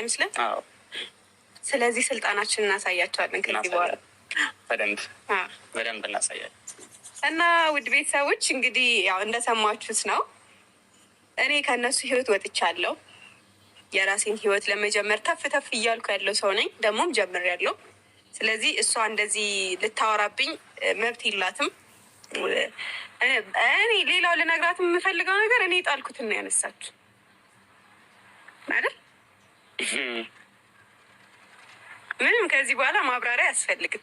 አይመስልም? ስለዚህ ስልጣናችን እናሳያቸዋለን። ከዚህ በኋላ በደንብ በደንብ እናሳያለን። እና ውድ ቤተሰቦች እንግዲህ ያው እንደሰማችሁት ነው። እኔ ከእነሱ ህይወት ወጥቻለሁ። የራሴን ህይወት ለመጀመር ተፍ ተፍ እያልኩ ያለው ሰው ነኝ። ደግሞም ጀምሬያለሁ። ስለዚህ እሷ እንደዚህ ልታወራብኝ መብት የላትም። እኔ ሌላው ልነግራት የምፈልገው ነገር እኔ ጣልኩትና ያነሳችሁ አይደል ምንም ከዚህ በኋላ ማብራሪያ አያስፈልግም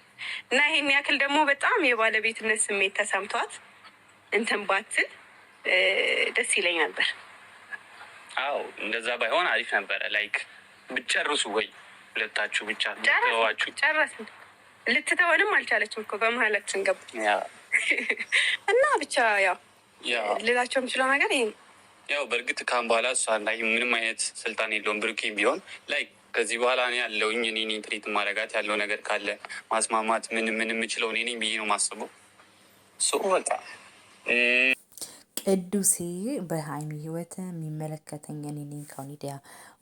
እና ይሄን ያክል ደግሞ በጣም የባለቤትነት ስሜት ተሰምቷት እንትን ባትል ደስ ይለኝ ነበር። አዎ እንደዛ ባይሆን አሪፍ ነበረ። ላይክ ብጨርሱ ወይ ሁለታችሁ ብቻ ጨረስን። ልትተወንም አልቻለችም እኮ በመሀላችን ገባ እና ብቻ ያው ልላቸው የምችለው ነገር ይሄ ነው። ያው በእርግጥ ካም በኋላ እሷ ላይ ምንም አይነት ስልጣን የለውም። ብሩኬም ቢሆን ላይ ከዚህ በኋላ እኔ ያለውኝ እኔ ነኝ ትሪት ማረጋት ያለው ነገር ካለ ማስማማት ምን ምን የምችለው እኔ ነኝ ብዬ ነው የማስበው። እሱ በቃ ቅዱሴ በሀይሚ ህይወት የሚመለከተኝ እኔ ነኝ። ከሁኔዲያ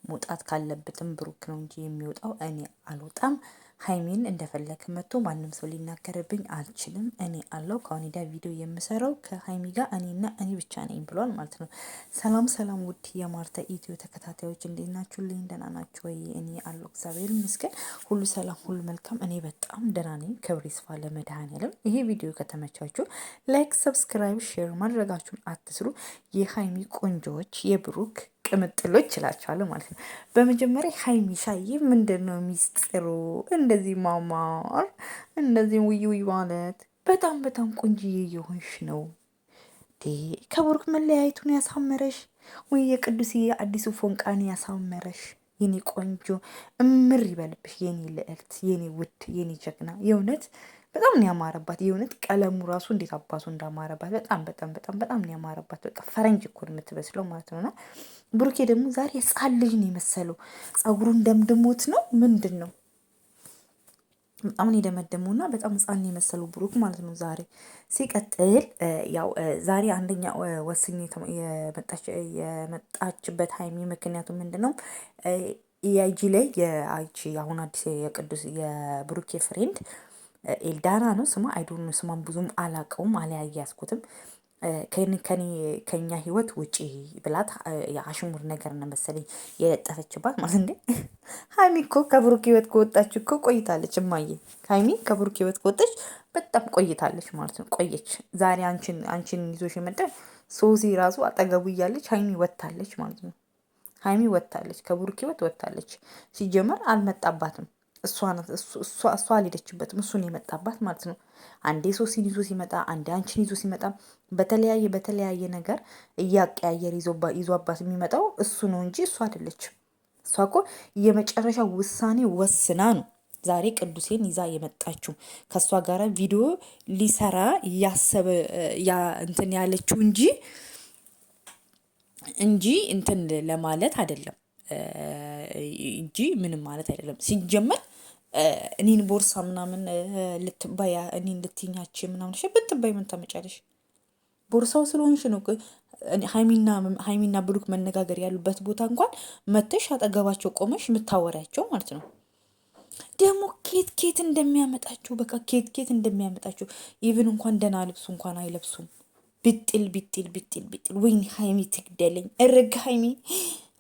መውጣት ካለበትም ብሩክ ነው እንጂ የሚወጣው እኔ አልወጣም። ሀይሚን እንደፈለግ መጥቶ ማንም ሰው ሊናገርብኝ አልችልም፣ እኔ አለው ከኔዳ ቪዲዮ የምሰራው ከሀይሚ ጋር እኔና እኔ ብቻ ነኝ ብሏል ማለት ነው። ሰላም ሰላም፣ ውድ የማርታ ኢትዮ ተከታታዮች እንዴት ናችሁ? ልኝ ደህና ናችሁ ወይ? እኔ አለው እግዚአብሔር ይመስገን ሁሉ ሰላም፣ ሁሉ መልካም። እኔ በጣም ደህና ነኝ። ክብር ይስፋ ለመድኃኔዓለም። ይሄ ቪዲዮ ከተመቻችሁ ላይክ፣ ሰብስክራይብ፣ ሼር ማድረጋችሁን አትስሩ። የሀይሚ ቆንጆዎች የብሩክ ቅምጥሎች እላቸዋለሁ ማለት ነው። በመጀመሪያ ሀይሚሻዬ ምንድን ነው ሚስጥሩ? እንደዚህ ማማር፣ እንደዚህ ውይ ውይ ማለት በጣም በጣም ቆንጅዬ የሆንሽ ነው። ከብሩክ መለያየቱን ያሳመረሽ ወይ የቅዱስ የአዲሱ ፎንቃን ያሳመረሽ የኔ ቆንጆ እምር ይበልብሽ፣ የኔ ልዕልት፣ የኔ ውድ፣ የኔ ጀግና የእውነት በጣም ነው ያማረባት። የእውነት ቀለሙ ራሱ እንዴት አባቱ እንዳማረባት በጣም በጣም በጣም በጣም ነው ያማረባት። በቃ ፈረንጅ እኮ የምትመስለው ማለት ነውና ብሩኬ ደግሞ ዛሬ ህፃን ልጅ ነው የመሰለው። ጸጉሩን እንደምድሞት ነው ምንድን ነው በጣም ነው የደመደመውና በጣም ሕፃን ነው የመሰለው ብሩክ ማለት ነው ዛሬ። ሲቀጥል ያው ዛሬ አንደኛ ወስኝ የመጣችበት ሀይሚ ምክንያቱ ምንድን ነው? የአይጂ ላይ የአይቺ አሁን አዲስ የቅዱስ የብሩኬ ፍሬንድ ኤልዳና ነው ስሟ። አይዶኑ ስሟን ብዙም አላቀውም አለያያዝኩትም። ከኛ ህይወት ውጪ ብላት የአሽሙር ነገር ነው መሰለኝ የለጠፈችባት ማለት እንዴ። ሀይሚ እኮ ከብሩክ ህይወት ከወጣች እኮ ቆይታለች እማዬ። ሀይሚ ከብሩክ ህይወት ከወጣች በጣም ቆይታለች ማለት ነው። ቆየች ዛሬ አንቺን አንቺን ይዞሽ የመጣ ሶሲ ራሱ አጠገቡ እያለች ሀይሚ ወታለች ማለት ነው። ሀይሚ ወታለች፣ ከብሩክ ህይወት ወታለች። ሲጀመር አልመጣባትም እሷ አልሄደችበትም፣ እሱን የመጣባት ማለት ነው። አንዴ ሶሲን ይዞ ሲመጣ፣ አንዴ አንቺን ይዞ ሲመጣ በተለያየ በተለያየ ነገር እያቀያየር ይዞባት የሚመጣው እሱ ነው እንጂ እሷ አይደለችም። እሷ እኮ የመጨረሻ ውሳኔ ወስና ነው ዛሬ ቅዱሴን ይዛ የመጣችው ከእሷ ጋር ቪዲዮ ሊሰራ እያሰበ እንትን ያለችው እንጂ እንጂ እንትን ለማለት አይደለም እንጂ ምንም ማለት አይደለም ሲጀመር እኔን ቦርሳ ምናምን ልትባያ እኔን ልትኛች ምናምን ብትባይ ምን ታመጫለሽ? ቦርሳው ስለሆንሽ ነው። ሀይሚና ብሩክ መነጋገር ያሉበት ቦታ እንኳን መተሽ አጠገባቸው ቆመሽ የምታወሪያቸው ማለት ነው። ደግሞ ኬት ኬት እንደሚያመጣችሁ በቃ ኬት ኬት እንደሚያመጣችሁ ኢቭን እንኳን ደህና ልብሱ እንኳን አይለብሱም። ብጥል ብጥል ብጥል ብጥል። ወይኔ ሀይሚ ትግደለኝ። እርግ ሀይሚ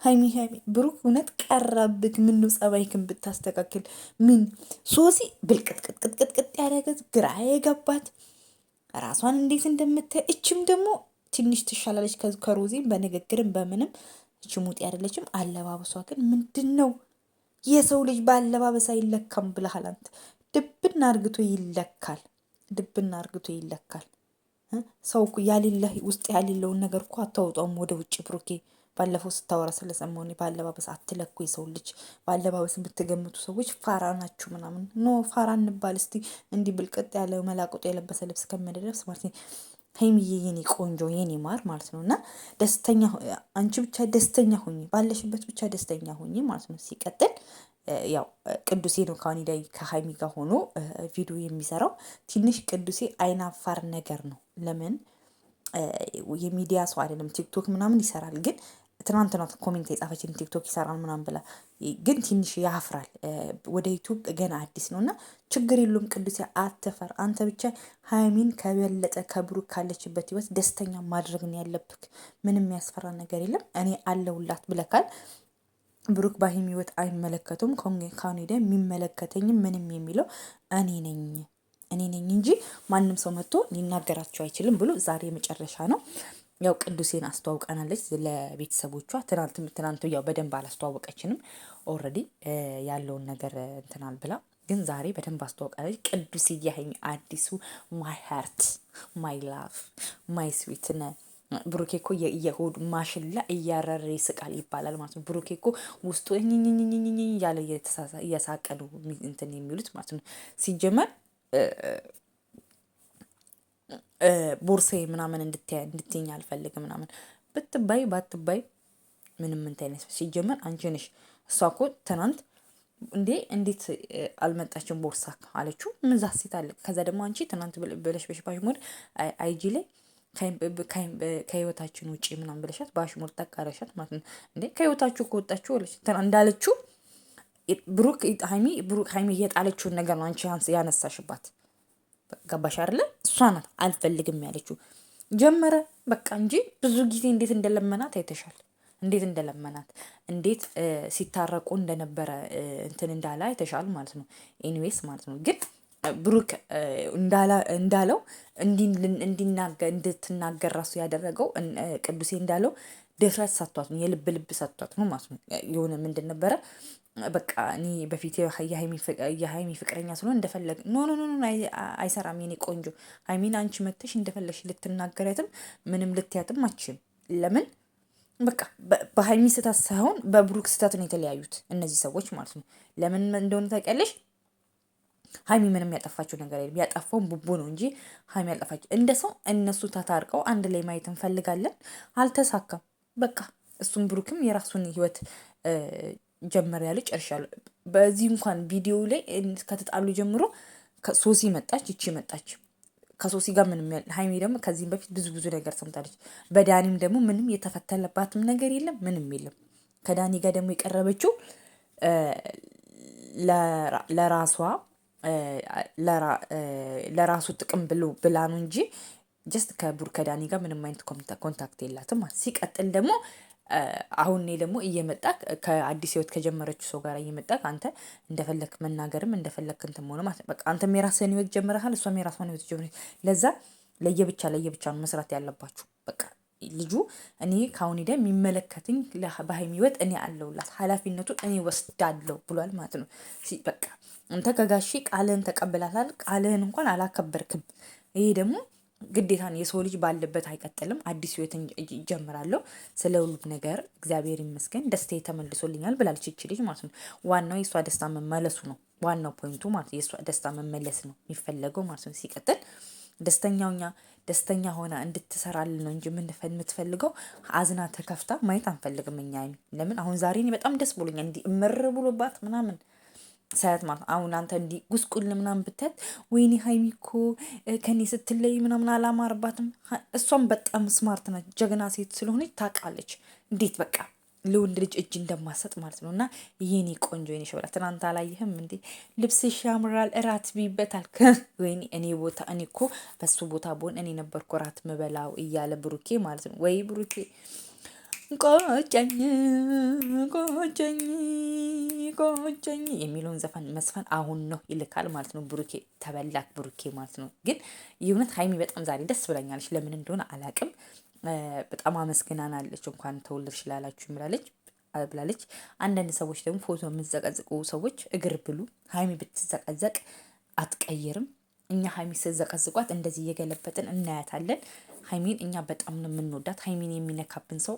ሀይሚ ሀይሚ ብሩክ እውነት ቀረብክ። ምን ነው ጸባይክን ብታስተካክል። ምን ሶሲ ብልቅጥቅጥቅጥቅጥ ያደረገት ግራ የገባት ራሷን እንዴት እንደምታይ እችም ደግሞ ትንሽ ትሻላለች ከሮዚም በንግግርም በምንም እች ሙጤ አይደለችም። አለባበሷ ግን ምንድን ነው? የሰው ልጅ በአለባበስ አይለካም ብለሃል አንተ። ድብና እርግቶ ይለካል። ድብና እርግቶ ይለካል። ሰው ያሌለ ውስጥ ያሌለውን ነገር እኮ አታወጣውም ወደ ውጭ ብሩኬ ባለፈው ስታወራ ስለሰማሁ እኔ በአለባበስ አትለኩ፣ የሰው ልጅ በአለባበስ የምትገምቱ ሰዎች ፋራ ናችሁ ምናምን። ኖ ፋራ እንባል እስቲ። እንዲህ ብልቅጥ ያለ መላቅጦ የለበሰ ልብስ ከመደረብስ ማለት ሀይሚዬ የኔ ቆንጆ የኔ ማር ማለት ነው። እና ደስተኛ አንቺ ብቻ ደስተኛ ሁኝ፣ ባለሽበት ብቻ ደስተኛ ሁኝ ማለት ነው። ሲቀጥል ያው ቅዱሴ ነው ከአሁን ላይ ከሀይሚ ጋር ሆኖ ቪዲዮ የሚሰራው ትንሽ ቅዱሴ አይናፋር ነገር ነው። ለምን የሚዲያ ሰው አይደለም፣ ቲክቶክ ምናምን ይሰራል ግን ትናንት ናት ኮሜንት የጻፈችን ቲክቶክ ይሰራል ምናምን ብላ፣ ግን ትንሽ ያፍራል። ወደ ዩቱብ ገና አዲስ ነው እና ችግር የለውም። ቅዱስ አትፈር። አንተ ብቻ ሀይሚን ከበለጠ ከብሩክ ካለችበት ህይወት ደስተኛ ማድረግ ነው ያለብክ። ምንም ያስፈራ ነገር የለም። እኔ አለሁላት ብለካል። ብሩክ በሀይሚ ህይወት አይመለከቱም። ከአሁን ሄደ የሚመለከተኝም ምንም የሚለው እኔ ነኝ እኔ ነኝ እንጂ ማንም ሰው መጥቶ ሊናገራቸው አይችልም ብሎ ዛሬ መጨረሻ ነው። ያው ቅዱሴን አስተዋውቀናለች ለቤተሰቦቿ። ትናንት ትናንት ያው በደንብ አላስተዋወቀችንም። ኦልሬዲ ያለውን ነገር እንትናል ብላ ግን ዛሬ በደንብ አስተዋውቃለች። ቅዱስ እያህኝ አዲሱ ማይ ሀርት ማይ ላቭ ማይ ስዊት ነ ብሩኬ እኮ የሆድ ማሽላ እያረረ ይስቃል ይባላል ማለት ነው። ብሩኬ እኮ ውስጡ እያለ እያሳቀ ነው እንትን የሚሉት ማለት ነው ሲጀመር ቦርሴ ምናምን እንድትይኝ አልፈልግ ምናምን ብትባይ ባትባይ ምንም እንትን አይነት ሲጀመር አንቺ ነሽ። እሷ እኮ ትናንት እንዴ እንዴት አልመጣችም ቦርሳ አለችው። ምዛ ሴት አለ። ከዛ ደግሞ አንቺ ትናንት ብለሽ ሞድ አይጂ ላይ ከህይወታችን ውጭ ምናምን ብለሻት በአሽሙር ጠቃረሻት ማለት ነው። እንዴ ከህይወታችሁ ከወጣችሁ እንዳለችው ብሩክ ሀይሚ ብሩክ ሀይሚ እየጣለችውን ነገር ነው አንቺ ያነሳሽባት። ገባሽ አይደለ? እሷ ናት አልፈልግም ያለችው። ጀመረ በቃ እንጂ ብዙ ጊዜ እንዴት እንደለመናት አይተሻል። እንዴት እንደለመናት እንዴት ሲታረቁ እንደነበረ እንትን እንዳለ አይተሻል ማለት ነው። ኤኒዌይስ ማለት ነው ግን ብሩክ እንዳለው እንዲናገ እንድትናገር ራሱ ያደረገው ቅዱሴ እንዳለው ድፍረት ሰጥቷት ነው፣ የልብ ልብ ሰጥቷት ነው ማለት ነው። የሆነ ምንድን ነበረ በቃ እኔ በፊት የሀይሚ ፍቅረኛ ስለሆን እንደፈለግ ኖ ኖ ኖ አይሰራም። የኔ ቆንጆ ሀይሚን አንቺ መተሽ እንደፈለሽ ልትናገረትም ምንም ልትያትም አችም። ለምን በቃ በሀይሚ ስታት ሳይሆን በብሩክ ስታት ነው የተለያዩት እነዚህ ሰዎች ማለት ነው። ለምን እንደሆነ ታውቂያለሽ? ሀይሚ ምንም ያጠፋቸው ነገር የለም። ያጠፋውን ቡቡ ነው እንጂ ሀይሚ ያጠፋቸው እንደ ሰው እነሱ ተታርቀው አንድ ላይ ማየት እንፈልጋለን። አልተሳካም። በቃ እሱም ብሩክም የራሱን ህይወት ጀመሪያ ላይ ጨርሻለሁ። በዚህ እንኳን ቪዲዮ ላይ ከተጣሉ ጀምሮ ሶሲ መጣች፣ ይቺ መጣች። ከሶሲ ጋር ምንም ያለ ሀይሜ ደግሞ ከዚህም በፊት ብዙ ብዙ ነገር ሰምታለች። በዳኒም ደግሞ ምንም የተፈተለባትም ነገር የለም፣ ምንም የለም። ከዳኒ ጋር ደግሞ የቀረበችው ለራሷ ለራሱ ጥቅም ብሎ ብላ ነው እንጂ ጀስት ከቡር ከዳኒ ጋር ምንም አይነት ኮንታክት የላትም። ሲቀጥል ደግሞ አሁን እኔ ደግሞ እየመጣክ ከአዲስ ህይወት ከጀመረችው ሰው ጋር እየመጣ አንተ እንደፈለክ መናገርም እንደፈለክ እንትን መሆን ማለት በቃ አንተ የራስህን ህይወት ጀምረሃል፣ እሷም የራሷን ህይወት ጀምረ። ለዛ ለየብቻ ለየብቻ ነው መስራት ያለባችሁ። በቃ ልጁ እኔ ከአሁን ሄዳ የሚመለከትኝ በሀይሚ ህይወት እኔ አለውላት ኃላፊነቱ እኔ ወስዳለሁ ብሏል ማለት ነው። በቃ አንተ ከጋሼ ቃልህን ተቀብላታል። ቃልህን እንኳን አላከበርክም። ይሄ ደግሞ ግዴታን የሰው ልጅ ባለበት አይቀጥልም። አዲስ ህይወት ይጀምራለሁ። ስለ ሁሉም ነገር እግዚአብሔር ይመስገን፣ ደስታ ተመልሶልኛል ብላለች ይቺ ልጅ ማለት ነው። ዋናው የእሷ ደስታ መመለሱ ነው። ዋናው ፖይንቱ ማለት የእሷ ደስታ መመለስ ነው የሚፈለገው ማለት ነው። ሲቀጥል ደስተኛውኛ ደስተኛ ሆና እንድትሰራልን ነው እንጂ የምትፈልገው አዝና ተከፍታ ማየት አንፈልግም እኛ። ለምን አሁን ዛሬ በጣም ደስ ብሎኛል እንዲህ እምር ብሎባት ምናምን ሰት ማለት አሁን አንተ እንዲህ ጉስቁል ምናምን ብትት ወይኔ ሀይሚ እኮ ከኔ ስትለይ ምናምን አላማርባትም። እሷም በጣም ስማርት ናት፣ ጀግና ሴት ስለሆነች ታውቃለች እንዴት በቃ ለወንድ ልጅ እጅ እንደማሰጥ ማለት ነው። እና የኔ ቆንጆ የኔ ሸብላ ትናንት አላየህም እንዴ? ልብስሽ ያምራል፣ እራት ቢበታል። ወይኔ እኔ ቦታ እኔ እኮ በሱ ቦታ ብሆን እኔ ነበርኩ እራት ምበላው እያለ ብሩኬ ማለት ነው ወይ ብሩኬ ቆጨኝ ቆጨኝ ቆጨኝ የሚለውን ዘፈን መስፈን አሁን ነው ይልካል ማለት ነው። ብሩኬ ተበላክ ብሩኬ ማለት ነው። ግን የእውነት ሀይሚ በጣም ዛሬ ደስ ብላኛለች። ለምን እንደሆነ አላቅም። በጣም አመስግናናለች። እንኳን ተወለድሽ ላላችሁ ብላለች ብላለች። አንዳንድ ሰዎች ደግሞ ፎቶ የምትዘቀዝቁ ሰዎች እግር ብሉ። ሀይሚ ብትዘቀዘቅ አትቀይርም። እኛ ሀይሚ ስትዘቀዝቋት እንደዚህ እየገለበጥን እናያታለን። ሀይሚን እኛ በጣም ነው የምንወዳት። ሀይሚን የሚነካብን ሰው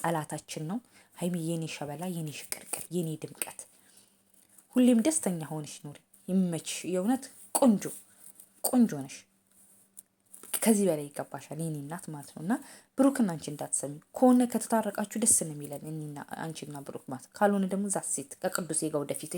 ጠላታችን ነው። ሀይሚ የኔ ሸበላ፣ የኔ ሽቅርቅር፣ የኔ ድምቀት፣ ሁሌም ደስተኛ ሆነሽ ኑሪ። ይመችሽ። የእውነት ቆንጆ ቆንጆ ነሽ። ከዚህ በላይ ይገባሻል የኔ እናት ማለት ነው። እና ብሩክን አንቺ እንዳትሰሚ ከሆነ ከተታረቃችሁ ደስ ነው የሚለን እኔና አንቺና ብሩክ ማለት ካልሆነ ደግሞ ዛት ሴት ከቅዱሴ ጋር ወደፊት